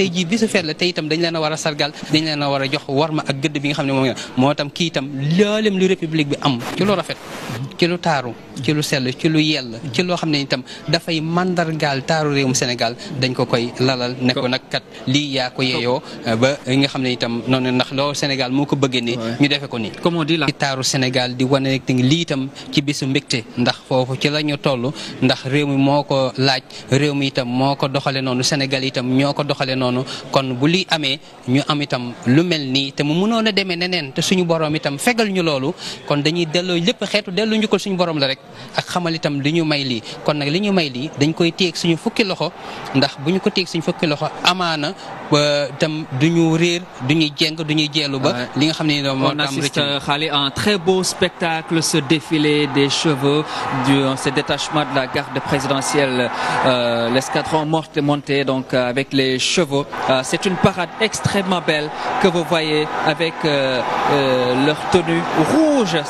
tey jii bisu feet la tey dañ leen a war a dañ leen a war a jox warma ak gëdd bi nga xam ne moom nga moo tam kii itam looleem lu république bi am ci lu rafet ci lu taaru ci lu sell ci lu yell ci loo xam ne itam dafay mandargaal taaru réewum Sénégal dañ ko koy lalal ne nag kat lii yaa ko yeeyoo ba nga xam ne itam noonu ndax loo Sénégal moo ko bëggee nii ñu defe ko nii la ci taaru Sénégal di wane rek lii itam ci bisu mbégte ndax foofu la ñu toll ndax réew mi moo ko laaj réew mi noonu kon bu li amé ñu am itam lu melni té mu mënoon a demee neneen te suñu borom itam fégal ñu lolu kon dañuy delloo lépp xeetu delloo njukkal suñu borom la rek ak xamal itam li ñu may li kon nak li ñu may li dañ koy téeg suñu fukki loxo ndax buñu ko téeg suñu fukki loxo amana euh, itam du ñu réer du jeng duñu jélu ba li nga xamné ne moom moo euh, Khali un très beau spectacle ce défilé des chevaux du euh, ce détachement de la garde présidentielle euh, l'escadron monté donc avec les chevaux euh, c'est une parade extrêmement belle que vous voyez avec euh, euh, leur tenue rouge.